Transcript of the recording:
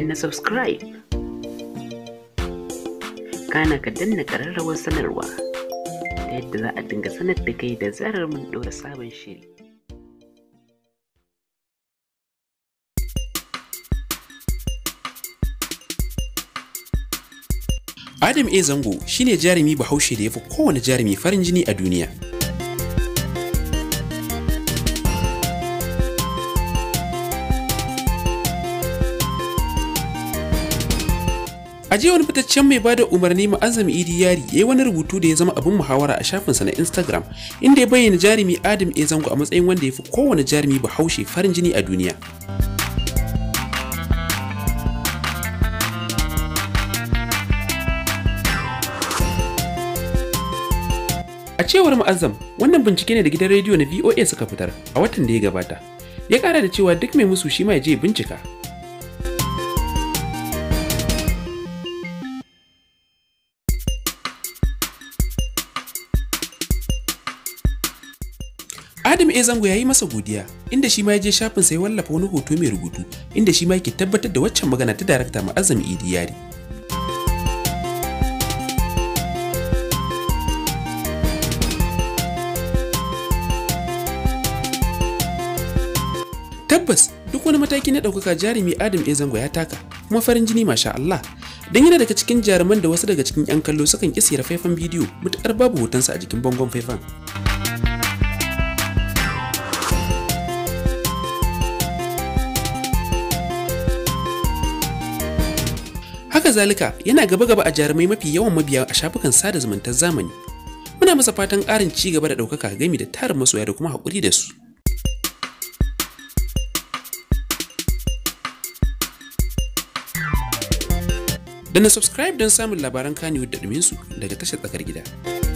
danna subscribe kana ka danna ƙararrawar sanarwa ta yadda za a dinga sanar da kai da zarar mun ɗora sabon shiri adam a zango shine jarumi bahaushe da ya fi kowane jarumi farin jini a duniya a jiya wani fitaccen mai bada umarni ma'azam idi yari ya yi wani rubutu da ya zama abin muhawara a shafin sa na instagram inda ya bayyana jarumi adam e zango a matsayin wanda ya fi kowane jarumi bahaushe farin jini a duniya A cewar Mu'azzam, wannan bincike ne da gidan rediyo na VOA suka fitar a watan da ya gabata. Ya ƙara da cewa duk mai musu shi ma ya je bincika, Adam ya Zango ya yi masa godiya, inda shi ma ya je shafin sai wallafa wani hoto mai rubutu, inda shi ma yake tabbatar da waccan magana ta darakta ma'azam Idi Yari. Tabbas duk wani mataki na ɗaukaka jarumi Adam ya Zango ya taka, kuma farin jini masha Allah don yana daga cikin jaruman da wasu daga cikin 'yan kallo sukan ƙi faifan bidiyo mutukar babu hotonsa a jikin bangon faifan. Haka zalika yana gaba-gaba a jarumai mafi yawan mabiya a shafukan sada zumuntar zamani. Muna masa fatan ƙarin ci gaba da ɗaukaka gami da tarin masoya da kuma haƙuri da su. Dana na subscribe don samun labaran Kannywood da ɗuminsu daga tashar tsakar gida.